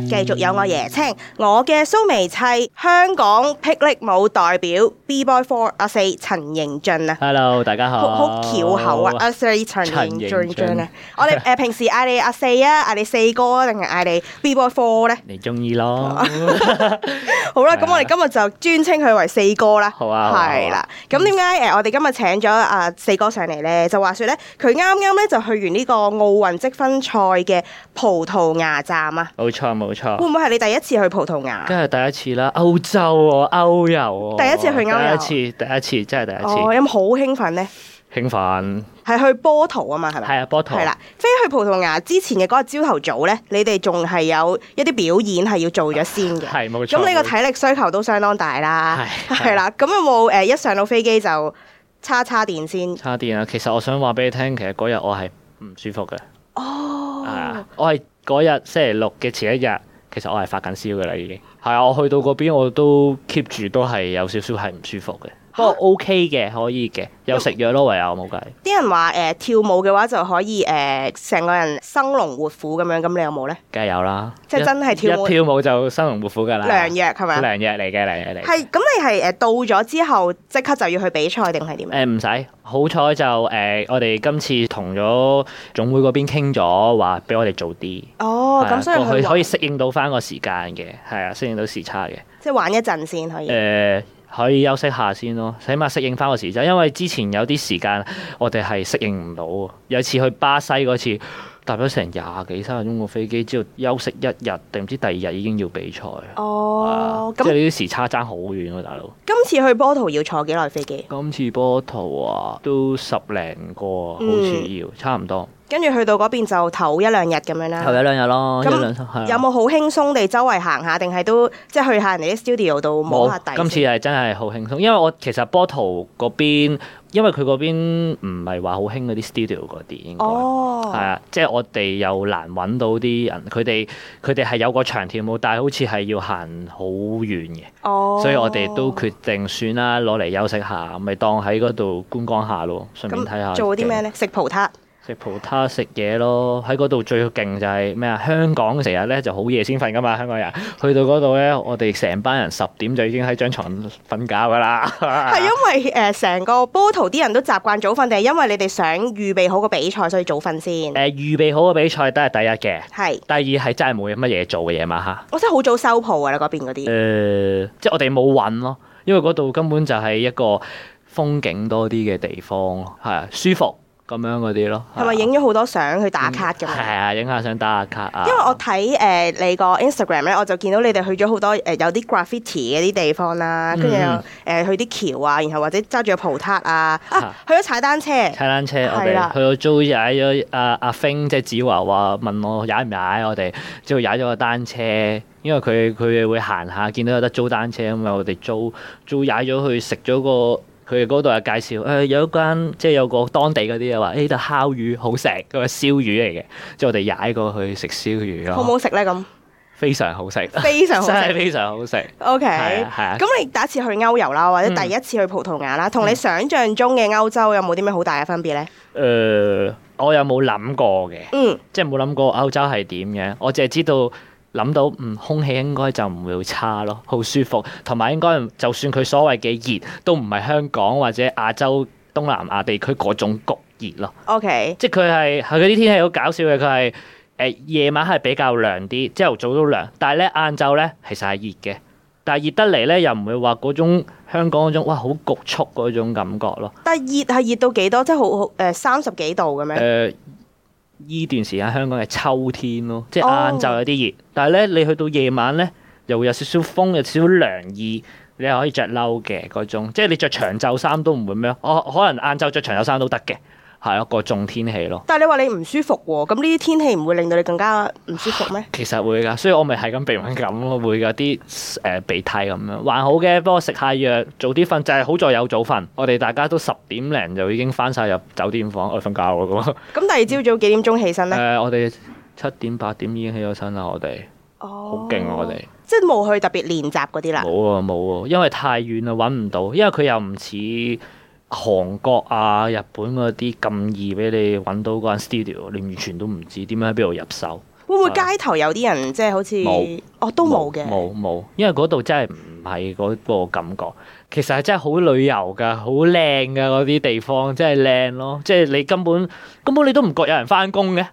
繼續有我椰青，我嘅蘇眉妻，香港霹靂舞代表 Bboy 4our 阿四陳瑩駿啊！Hello，大家好。好巧口啊！阿四陳瑩駿啊！我哋誒，平時嗌你阿四啊，嗌你四哥啊，定係嗌你 Bboy 4our 咧？你中意咯。好啦，咁我哋今日就專稱佢為四哥啦。好啊。係啦，咁點解誒？我哋今日請咗阿四哥上嚟咧，就話說咧，佢啱啱咧就去完呢個奧運積分賽嘅葡萄牙站啊。冇錯冇。冇錯，會唔會係你第一次去葡萄牙？梗係第一次啦，歐洲喎，歐遊喎。第一次去歐遊，第一次，第一次真係第一次。我有好興奮呢？興奮係去波圖啊嘛，係咪？係啊，波圖係啦。飛去葡萄牙之前嘅嗰個朝頭早呢，你哋仲係有一啲表演係要做咗先嘅，係冇錯。咁你個體力需求都相當大啦，係係啦。咁有冇誒，一上到飛機就叉叉電先？叉電啊！其實我想話俾你聽，其實嗰日我係唔舒服嘅。哦，我係。嗰日星期六嘅前一日，其實我係發緊燒㗎喇，已經係啊！我去到嗰邊，我都 keep 住都係有少少係唔舒服嘅。不過 OK 嘅，可以嘅，有食藥咯，唯有冇計。啲人話誒跳舞嘅話就可以誒成、呃、個人生龍活虎咁樣，咁你有冇咧？梗係有啦，即係真係跳舞，跳舞就生龍活虎噶啦。良藥係咪？良藥嚟嘅，良藥嚟。係咁，你係誒到咗之後即刻就要去比賽定係點啊？唔使，呃、好彩就誒、呃、我哋今次同咗總會嗰邊傾咗，話俾我哋早啲。哦，咁所以佢可以適應到翻個時間嘅，係啊，適應到時差嘅。即係玩一陣先可以。誒、呃。嗯。可以休息下先咯，起碼適應翻個時差，因為之前有啲時間我哋係適應唔到啊！有次去巴西嗰次搭咗成廿幾三十個鐘嘅飛機，之後休息一日定唔知第二日已經要比賽哦，啊、那即係呢啲時差爭好遠喎，大佬。今次去波圖要坐幾耐飛機？今次波圖啊，都十零個好似要，嗯、差唔多。跟住去到嗰邊就唞一兩日咁樣啦，唞一兩日咯。那啊、有冇好輕鬆地周圍行下？定係都即係去下人哋啲 studio 度摸下底？今次係真係好輕鬆，因為我其實波圖嗰邊，因為佢嗰邊唔係話好興嗰啲 studio 嗰啲，應該係、哦、啊，即係我哋又難揾到啲人，佢哋佢哋係有個場跳舞，但係好似係要行好遠嘅，哦、所以我哋都決定算啦，攞嚟休息下，咪當喺嗰度觀光下咯，順便睇下、嗯、做啲咩咧？食葡撻。食葡撻食嘢咯，喺嗰度最勁就係咩啊？香港成日咧就好夜先瞓噶嘛香港人去到嗰度咧，我哋成班人十點就已經喺張床瞓覺噶啦係 因為誒成、呃、個波圖啲人都習慣早瞓，定係因為你哋想預備好個比賽所以早瞓先？誒、呃，預備好個比賽都係第一嘅，係是。第二係真係冇乜嘢做嘅嘢嘛。吓。我真係好早收鋪噶啦嗰邊嗰啲。誒、呃，即係我哋冇揾咯，因為嗰度根本就係一個風景多啲嘅地方咯，係啊，舒服。咁樣嗰啲咯，係咪影咗好多相去打卡嘅？係、嗯、啊，影下相打下卡啊。因為我睇誒、呃嗯、你個 Instagram 咧，我就見到你哋去咗好多誒、呃、有啲 graffiti 嘅啲地方啦，跟住又去啲橋啊，然後或者揸住個葡撻啊，啊去咗踩單車。啊、踩單車我，單車我哋是、啊、去咗租踩咗阿阿鋒即係子華話問我踩唔踩我哋，之後踩咗個單車，因為佢佢會行下，見到有得租單車咁啊，我哋租租踩咗去食咗個。佢哋嗰度又介紹誒、呃、有一間即係有個當地嗰啲話誒度烤魚好食，佢話燒魚嚟嘅，即係我哋踩過去食燒魚咯。好唔好食咧？咁非常好食，非常好食， 非常好食。OK，係啊，咁、啊、你第一次去歐遊啦，或者第一次去葡萄牙啦，同你想像中嘅歐洲有冇啲咩好大嘅分別咧？誒、嗯，我有冇諗過嘅？嗯，即係冇諗過歐洲係點嘅？我淨係知道。諗到嗯，空氣應該就唔會好差咯，好舒服。同埋應該就算佢所謂嘅熱，都唔係香港或者亞洲東南亞地區嗰種焗熱咯。OK，即係佢係佢啲天氣好搞笑嘅，佢係誒夜晚係比較涼啲，朝頭早都涼，但係咧晏晝咧其實係熱嘅，但係熱得嚟咧又唔會話嗰種香港嗰種哇好焗促嗰種感覺咯。但係熱係熱到幾多？即係好好誒、呃、三十幾度嘅咩？呃呢段時間香港係秋天咯，即係晏晝有啲熱，oh. 但係咧你去到夜晚咧，又會有少少風，有少少涼意，你係可以着褸嘅嗰種，即係你着長袖衫都唔會咩？我、哦、可能晏晝着長袖衫都得嘅。係一個重天氣咯。但係你話你唔舒服喎，咁呢啲天氣唔會令到你更加唔舒服咩？其實會㗎，所以我咪係咁鼻敏感咯，會有啲誒鼻涕咁樣。還好嘅，不過食下藥，早啲瞓就係、是、好在有早瞓。我哋大家都十點零就已經翻晒入酒店房，我瞓覺啦咁。嗯、 第二朝早幾點鐘起身咧？誒、呃，我哋七點八點已經起咗身啦，我哋。哦。好勁啊！我哋。即係冇去特別練習嗰啲啦。冇啊冇啊，因為太遠啦，搵唔到，因為佢又唔似。韓國啊、日本嗰啲咁易俾你揾到嗰間 studio，你完全都唔知點樣喺邊度入手。會唔會街頭有啲人即係，uh, 好似冇哦都冇嘅？冇冇，因為嗰度真係唔係嗰個感覺。其實係真係好旅遊㗎，好靚㗎嗰啲地方，真係靚咯。即係你根本根本你都唔覺有人翻工嘅。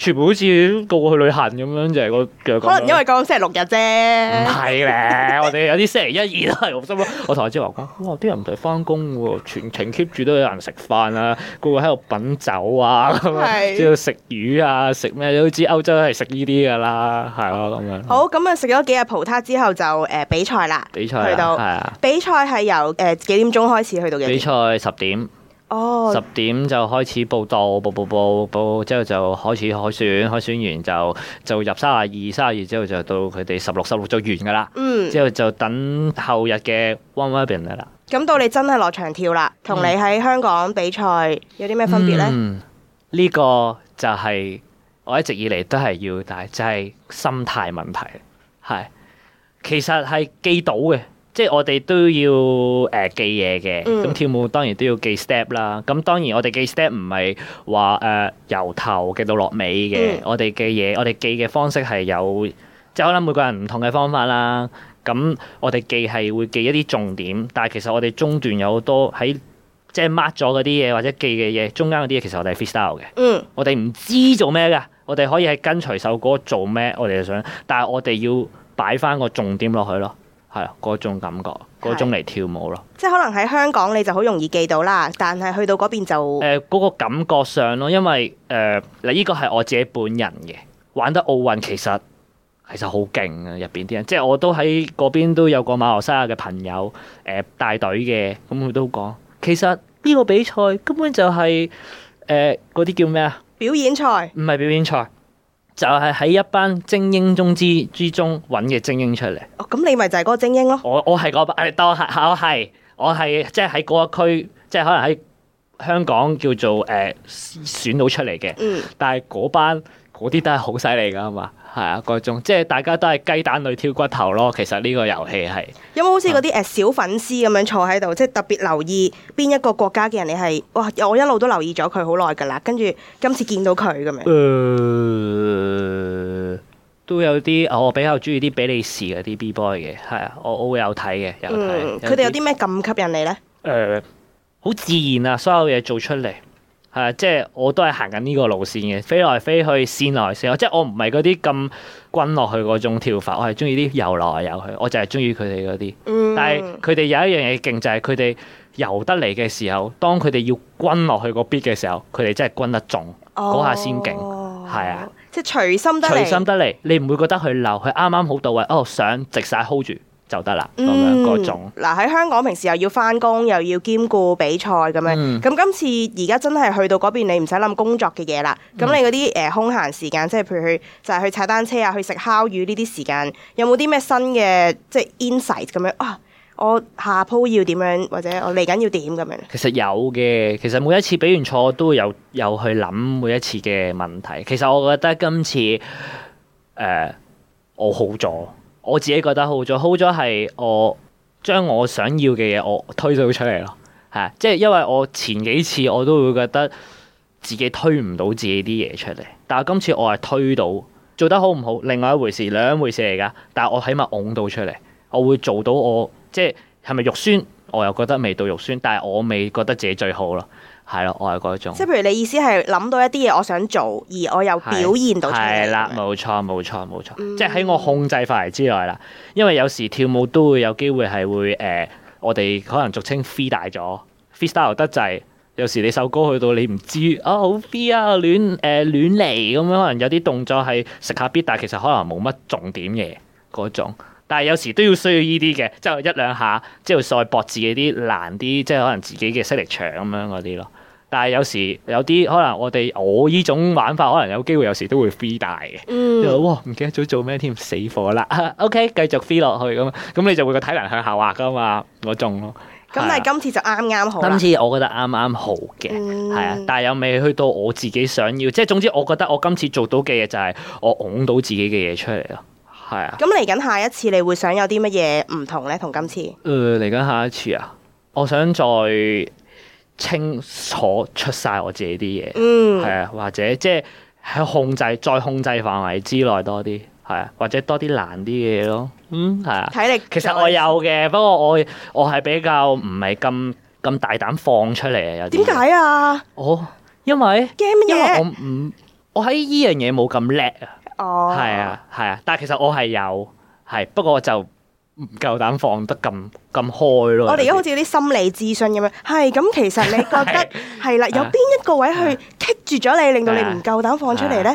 全部好似個個去旅行咁樣，就係個。可能因為嗰個星期六日啫。唔係咧，我哋有啲星期一二都係咁。我同阿芝華講，哇，啲人唔使翻工喎，全程 keep 住都有人食飯啊，個個喺度品酒啊，喺度食魚啊，食咩？都知歐洲都係食呢啲㗎啦，係咯咁樣。好，咁啊食咗幾日葡撻之後就誒比賽啦。比賽去到係啊。比賽係由誒幾點鐘開始去到幾點？比賽十點。十點就開始報道，報報報報，之後就開始海選，海選完就就入卅二，卅二之後就到佢哋十六、十六就完噶啦。嗯，之後就等後日嘅 one by one 啦。咁到你真係落場跳啦，同你喺香港比賽有啲咩分別咧？呢、嗯嗯嗯呢個就係我一直以嚟都係要帶，但係就係、係、心態問題，係其實係記到嘅。即係我哋都要誒、呃、記嘢嘅，咁、嗯、跳舞當然都要記 step 啦。咁當然我哋記 step 唔係話誒由頭到、嗯、記到落尾嘅，我哋嘅嘢我哋記嘅方式係有，即係可能每個人唔同嘅方法啦。咁我哋記係會記一啲重點，但係其實我哋中段有好多喺即係 mark 咗嗰啲嘢或者記嘅嘢，中間嗰啲嘢其實我哋係 freestyle 嘅。嗯，我哋唔知做咩㗎，我哋可以係跟隨首歌做咩，我哋就想，但係我哋要擺翻個重點落去咯。係啊，嗰種感覺，嗰種嚟跳舞咯。即係可能喺香港你就好容易記到啦，但係去到嗰邊就誒嗰、呃嗰個感覺上咯，因為誒嗱呢個係我自己本人嘅玩得奧運，其實其實好勁啊。入邊啲人，即係我都喺嗰邊都有個馬來西亞嘅朋友誒帶隊嘅，咁、呃、佢都講，其實呢個比賽根本就係誒嗰啲叫咩啊？表演賽？唔係表演賽。就係喺一班精英中之之中揾嘅精英出嚟。哦，咁你咪就係嗰個精英咯。我我係嗰班，但係我係我係即係喺嗰一區，即係可能喺香港叫做誒選到出嚟嘅。嗯。但係嗰班嗰啲都係好犀利㗎嘛。係啊，嗰種即係大家都係雞蛋裏挑骨頭咯。其實呢個遊戲係有冇好似嗰啲誒小粉絲咁樣坐喺度，即係、啊、特別留意邊一個國家嘅人？你係哇，我一路都留意咗佢好耐㗎啦。跟住今次見到佢咁樣，呃。都有啲我比較中意啲比利時嗰啲 B boy 嘅。係啊，我我會有睇嘅，有睇。佢哋，嗯、有啲咩咁吸引你呢？誒、呃，好自然啊，所有嘢做出嚟。係、啊，即係我都係行緊呢個路線嘅，飛來飛去，線來線去，即係我唔係嗰啲咁均落去嗰種跳法，我係中意啲遊來遊去，我就係中意佢哋嗰啲。嗯、但係佢哋有一樣嘢勁，就係佢哋遊得嚟嘅時候，當佢哋要均落去個 beat 嘅時候，佢哋真係均得中，嗰下先勁，係啊。即係隨心得嚟，隨心得嚟，你唔會覺得佢漏，佢啱啱好到位。哦，想直晒 hold 住。就得啦，咁樣嗰種。嗱，喺香港平時又要翻工，又要兼顧比賽咁樣。咁、嗯、今次而家真係去到嗰邊，你唔使諗工作嘅嘢啦。咁、嗯、你嗰啲誒空閒時間，即係譬如去就係去踩單車啊，去食烤魚呢啲時間，有冇啲咩新嘅即係 insight 咁樣啊？我下鋪要點樣，或者我嚟緊要點咁樣？其實有嘅，其實每一次比完賽，我都會有有去諗每一次嘅問題。其實我覺得今次誒、呃、我好咗。我自己覺得好咗，好咗係我將我想要嘅嘢我推到出嚟咯，係。即係因為我前幾次我都會覺得自己推唔到自己啲嘢出嚟，但係今次我係推到，做得好唔好另外一回事，兩回事嚟噶，但係我起碼掹到出嚟，我會做到我即係係咪肉酸，我又覺得未到肉酸，但係我未覺得自己最好咯。係咯，我嗰種即係譬如你意思係諗到一啲嘢，我想做而我又表現到出嚟。係啦，冇錯冇錯冇錯，錯錯嗯、即係喺我控制範圍之內啦。因為有時跳舞都會有機會係會誒、呃，我哋可能俗稱 free 大咗，free style 得滯。有時你首歌去到你唔知啊好、哦、free 啊，亂誒、呃、亂嚟咁樣，可能有啲動作係食下 beat 但其實可能冇乜重點嘅嗰種。但係有時都要需要依啲嘅，即、就、係、是、一兩下，即係再搏自己啲難啲，即、就、係、是、可能自己嘅識力場咁樣嗰啲咯。但係有時有啲可能我，我哋我呢種玩法可能有機會有時都會 free 大嘅。嗯，又哇唔記得咗做咩添，死火啦。 OK，繼續 free 落去咁，咁你就會個體能向下滑㗎嘛，我種咯。咁、啊、但係今次就啱啱好。今次我覺得啱啱好嘅，係、嗯、啊，但係又未去到我自己想要。即係總之，我覺得我今次做到嘅嘢就係我擁到自己嘅嘢出嚟咯。係啊。咁嚟緊下一次你會想有啲乜嘢唔同咧？同今次。誒嚟緊下一次啊！我想再。清楚出晒我自己啲嘢，嗯，係啊，或者即係喺控制、再控制範圍之內多啲，係啊，或者多啲難啲嘅嘢咯，嗯，係啊。體力其實我有嘅，不過我我係比較唔係咁咁大膽放出嚟。有啲點解啊？我因為驚因為我唔我喺依樣嘢冇咁叻啊。哦，係啊，係啊，但係其實我係有係，不過我就。唔夠膽放得咁咁開咯！我哋而家好似有啲心理諮詢咁樣，係咁其實你覺得係 啦，有邊一個位去棘住咗你，令到 你唔夠膽放出嚟咧？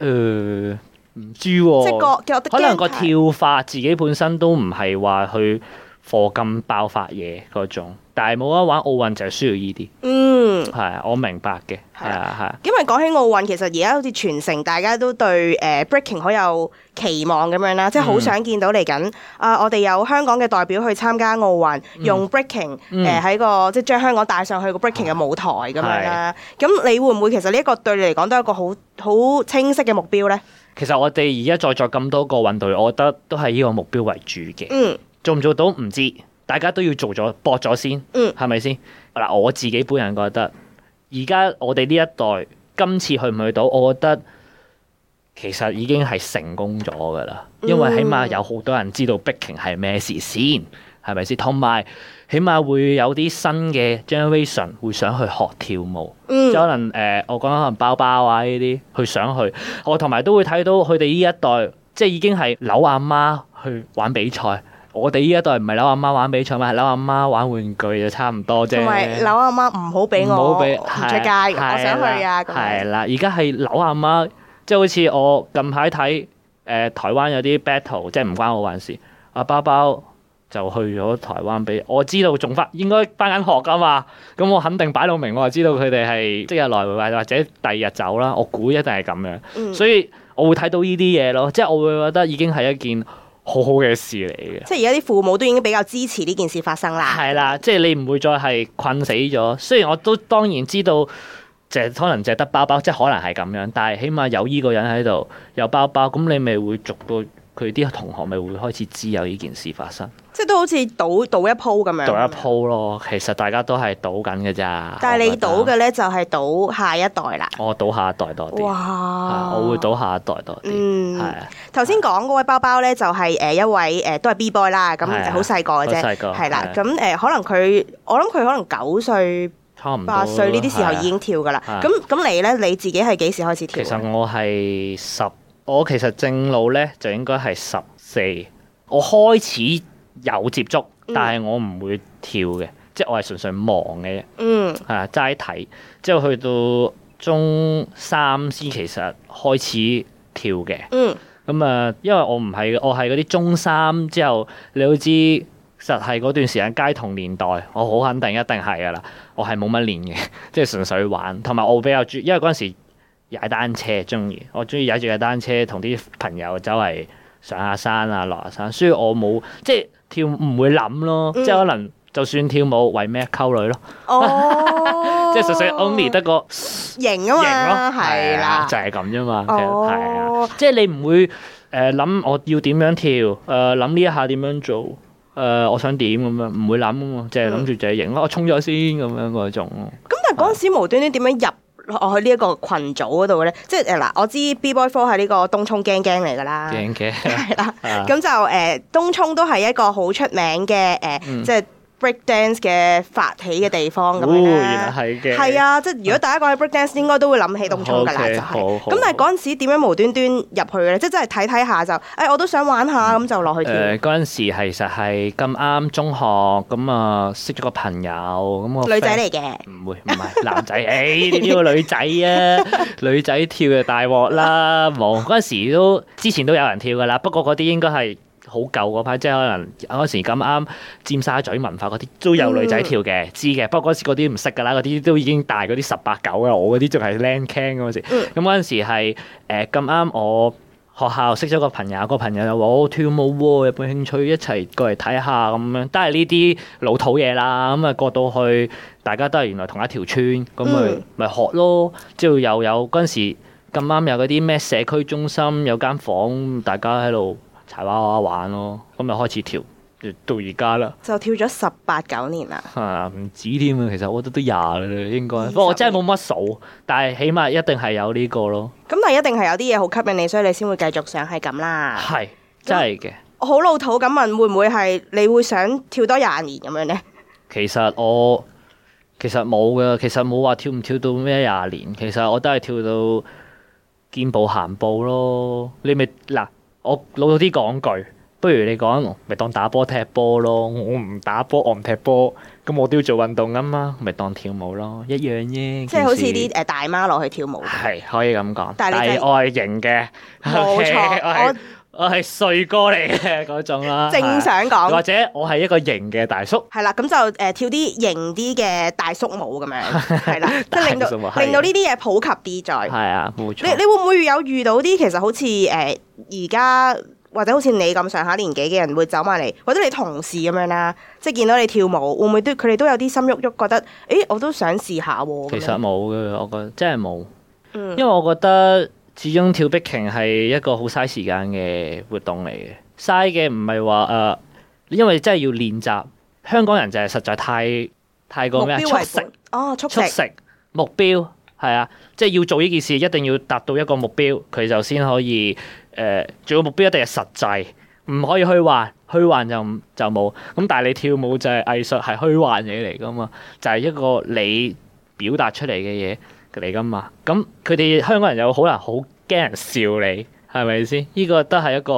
誒唔、嗯、知喎、啊，即係、嗰個覺得可能個跳法，自己本身都唔係話去貨咁爆發嘢嗰種。但係冇得玩奧運就係需要依啲，嗯，係啊，我明白嘅，係啊，係的。的因為講起奧運，其實而家好似全城大家都對誒、uh, breaking 好有期望咁樣啦，即係好想見到嚟緊啊！Uh, 我哋有香港嘅代表去參加奧運，嗯、用 breaking 誒喺、嗯呃、個即係將香港帶上去個 breaking 嘅舞台咁樣啦。咁的的你會唔會其實呢一個對你嚟講都係一個好好清晰嘅目標咧？其實我哋而家在座咁多個運動員，我覺得都係呢個目標為主嘅。嗯，做唔做到唔知。大家都要做咗搏咗先，係咪先？嗱、嗯，我自己本人覺得，而家我哋呢一代今次去唔去到，我覺得其實已經係成功咗噶啦，因為起碼有好多人知道 breaking 係咩事先，係咪先？同埋起碼會有啲新嘅 generation 會想去學跳舞，即、嗯、可能誒、呃，我講緊可能包包啊呢啲去想去，我同埋都會睇到佢哋呢一代即係已經係扭阿媽去玩比賽。我哋依一代唔係扭阿媽玩比賽嘛，係扭阿媽玩玩、玩具就差唔多啫。同埋扭阿媽唔好俾我出係街，係我想去啊咁係啦，而家係扭阿媽，即係好似我近排睇誒台灣有啲 battle，嗯，即係唔關我份事。阿包包就去咗台灣俾我知道，仲翻應該返緊學㗎嘛。咁我肯定擺到明，我就知道佢哋係即日來回或者第二日走啦。我估一定係咁樣，嗯、所以我會睇到呢啲嘢咯。即係我會覺得已經係一件。好好嘅事嚟嘅，即係而家啲父母都已經比較支持呢件事發生啦。係啦，即係你唔會再係困死咗。雖然我都當然知道，淨係可能淨係得包包，即係可能係咁樣，但係起碼有依個人喺度，有包包，咁你咪會逐到。佢啲同學咪會開始知有呢件事發生，即係都好似賭賭一鋪咁樣。賭一鋪咯，其實大家都係賭緊嘅咋。但係你賭嘅咧就係賭下一代啦。我賭下一代多啲。哇！我會賭下一代多啲。嗯，係啊。頭先講嗰位包包咧就係誒一位誒都係 B boy 啦，咁好細個嘅啫，係啦。咁誒可能佢我諗佢可能九歲、差唔多八歲呢啲時候已經跳噶啦。咁咁你咧你自己係幾時開始跳？其實我係十。我其實正路咧就應該係十四，我開始有接觸，但係我唔會跳嘅，嗯、即係我係純粹望嘅，嗯，係齋睇，之後去到中三先其實開始跳嘅，嗯，咁啊、嗯，因為我唔係我係嗰啲中三之後，你都知實係嗰段時間街童年代，我好肯定一定係㗎喇，我係冇乜練嘅，即係純粹玩，同埋我比較中，因為嗰陣時。踩單車中意，我中意踩住架單車同啲朋友走嚟上下山啊，落下山。所以我冇即係跳唔會諗咯，即係可能就算跳舞為咩溝女咯，即係純粹 only 得個型型嘛，係、呃、啦，就係咁啫嘛，其實係啊，即係你唔會誒諗我要點樣跳，誒諗呢一下點樣做，誒、呃、我想點咁樣，唔會諗啊嘛，即係諗住就係型，我衝咗先咁樣嗰種。咁但係嗰陣時無端端點樣入？我喺呢一個群組嗰度咧，即係嗱、呃，我知 B Boy Four 喺呢個東涌 gang gang 嚟噶啦 gang gang 係啦，咁驚驚 就誒、呃、東涌都係一個好出名嘅誒，即、呃、係。嗯 breakdance 嘅發起嘅地方咁樣咧，係啊、哦，即係如果大家講起 breakdance，應該都會諗起東涌噶啦，咁 Okay, 但係嗰陣時點樣無端端入去咧？即、就、係、是、真係睇睇下就，誒、哎、我都想玩下，咁就落去跳。誒嗰陣時其實係咁啱中學，咁、嗯、啊識咗個朋友，咁、那個、女仔嚟嘅，唔會，唔係男仔，呢個、 欸、女仔啊， 女仔跳就大鑊啦。冇嗰陣時都之前都有人跳噶啦，不過嗰啲應該係。好舊嗰排，即係可能嗰時咁啱尖沙咀文化嗰啲都有女仔跳嘅，知嘅。不過嗰時嗰啲唔識㗎啦，嗰啲都已經大嗰啲十八九啦。我嗰啲仲係靚傾嗰時。咁嗰陣時係咁啱，呃、我學校識咗個朋友，個朋友又話：我跳舞喎、哦，有冇興趣一齊過嚟睇下咁樣？都係呢啲老土嘢啦。咁、嗯、啊過到去，大家都係原來同一條村，咁咪咪學咯。之後又有嗰陣時咁啱有嗰啲咩社區中心有間房，大家喺度。柴娃娃玩咯，咁就開始跳，到而家啦，就跳咗十八九年啦，吓唔止添，其實我覺得都廿啦，應該。不過年我真係冇乜數，但係起碼一定係有呢個咯。咁但係一定係有啲嘢好吸引你，所以你先會繼續上，係咁啦。係真係嘅。我好老土咁問，會唔會係你會想跳多廿年咁樣呢其？其實我其實冇噶，其實冇話跳唔跳到咩廿年，其實我都係跳到肩步行步咯。你咪嗱。我老到啲講句，不如你講，咪當打波踢波咯。我唔打波，我唔踢波，咁我都要做運動噶嘛，咪當跳舞咯，一樣啫。即係好似啲誒大媽落去跳舞，係可以咁講，大愛型嘅。冇錯，okay，我係帥哥嚟嘅嗰種啦，正想講，或者我係一個型嘅大叔。係啦，咁就誒、呃、跳啲型啲嘅大叔舞咁樣，係啦 了，即係令到令到呢啲嘢普及啲再。係啊，冇錯。你你會唔會有遇到啲其實好似誒而家或者好似你咁上下年紀嘅人會走埋嚟，或者你同事咁樣啦，即係見到你跳舞，會唔會都佢哋都有啲心喐喐，覺得誒我都想試下喎、啊？其實冇嘅，我覺得真係冇，因為我覺得。 始終跳 breaking 係一個好嘥時間嘅活動嚟嘅，嘥嘅唔係話誒，因為真係要練習。香港人就係實在太太過咩？速食哦，速食，速食目標係啊，即係要做呢件事，一定要達到一個目標，佢就先可以誒。做、呃、個目標一定係實際，唔可以虛幻，虛幻就就冇。咁但係你跳舞就係藝術，係虛幻嘢嚟噶嘛，就係、係、一個你表達出嚟嘅嘢。嚟噶嘛？咁佢哋香港人又好難，好驚人笑你，係咪先？呢、這個都係一個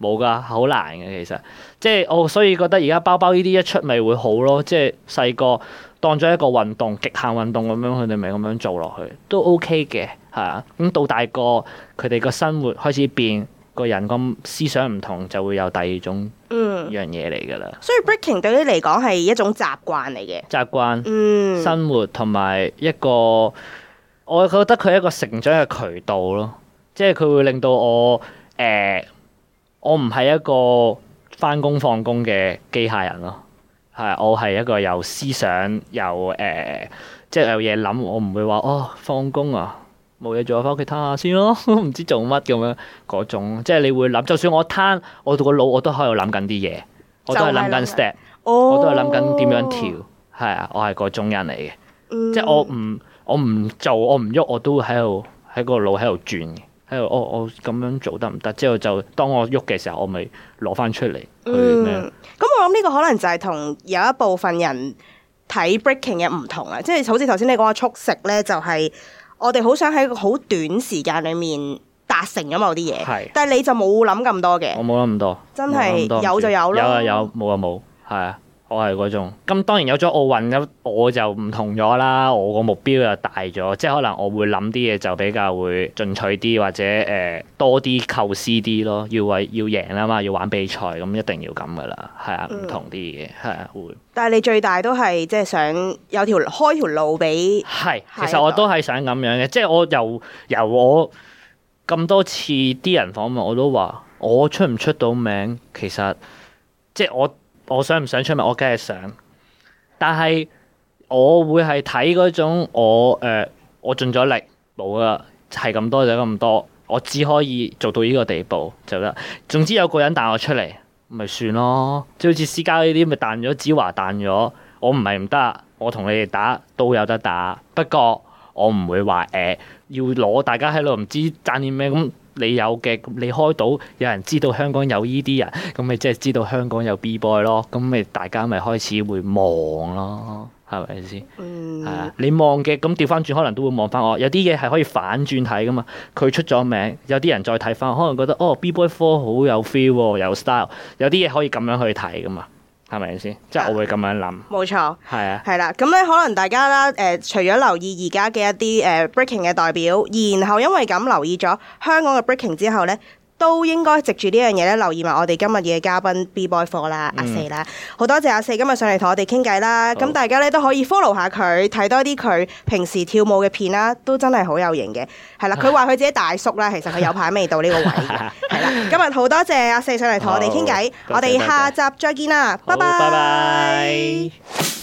冇噶，好難嘅其實。即係我、哦、所以覺得而家包包呢啲一出咪會好咯。即係細個當咗一個運動、極限運動咁樣，佢哋咪咁樣做落去都 OK 嘅，係啊。咁到大個，佢哋個生活開始變，個人個思想唔同，就會有第二種、嗯、樣嘢嚟噶啦。所以 breaking 對於你嚟講係一種習慣嚟嘅，習慣，嗯，生活同埋一個。我覺得佢係一個成長嘅渠道咯，即係佢會令到我誒、呃，我唔係一個翻工放工嘅機械人咯，係我係一個有思想有誒、呃，即係有嘢諗，我唔會話哦放工啊冇嘢做，我翻屋企攤下先咯，唔知做乜咁樣嗰種，即係你會諗，就算我攤我個腦，我都喺度諗緊啲嘢，我都係諗緊 step，我都係諗緊點樣跳，係啊，我係嗰種人嚟嘅，嗯、即係我唔。我唔做，我唔喐，我都喺度喺個腦喺度轉，喺度我我咁樣做得唔得？之後就當我喐嘅時候，我咪攞翻出嚟。嗯，咁我諗呢個可能就係同有一部分人睇 breaking 嘅唔同啊，即係好似頭先你講嘅速食咧，就係我哋好想喺好短時間裡面達成咗某啲嘢。係，但係你就冇諗咁多嘅。我冇諗咁多。真係，有就有咯。有啊有，冇啊冇。係啊。我係嗰種，咁當然有咗奧運，咁我就唔同咗啦。我個目標又大咗，即係可能我會諗啲嘢就比較會進取啲，或者誒、呃、多啲構思啲咯。要為要贏啊嘛，要玩比賽，咁一定要咁㗎啦。係啊，唔同啲嘅。係啊，會。嗯、但係你最大都係即係想有條開條路俾。係，其實我都係想咁樣嘅， 即係我由由我咁多次啲人訪問我，我都話我出唔出到名，其實即係我。我想唔想出名？我梗係想，但係我會係睇嗰種我誒、呃，我盡咗力，冇啦，係咁多就咁多，我只可以做到呢個地步就得。總之有個人彈我出嚟，咪算咯。即好似私家呢啲，咪彈咗子華，彈咗。我唔係唔得，我同你哋打都有得打。不過我唔會話誒、呃，要攞大家喺度唔知賺啲咩咁。嗯你有嘅，你開到有人知道香港有呢啲人，咁咪即係知道香港有 B boy 咯，咁咪大家咪開始會望咯，係咪先？係啊，嗯，uh, 你望嘅，咁掉返轉可能都會望返我。有啲嘢係可以反轉睇㗎嘛，佢出咗名，有啲人再睇返，可能覺得哦，Bboy 4our 好有 feel 喎，有 style，有啲嘢可以咁樣去睇㗎嘛。係咪先？即係我會咁樣諗。冇錯，係是啊，係啦。咁咧，可能大家啦，誒，除咗留意而家嘅一啲誒 breaking 嘅代表，然後因為咁留意咗香港嘅 breaking 之後咧。都應該藉住呢樣嘢咧，留意埋我哋今日嘅嘉賓 Bboy 4our 啦，阿四啦，好多謝阿、啊、四今日上嚟同我哋傾偈啦。咁、哦、大家咧都可以 follow 下佢，睇多啲佢平時跳舞嘅片啦，都真係好有型嘅。係啦，佢話佢自己大叔啦， 其實佢有排未到呢個位嘅。係啦，今日好多謝阿、啊、四上嚟同我哋傾偈，哦、我哋下集再見啦，謝拜拜。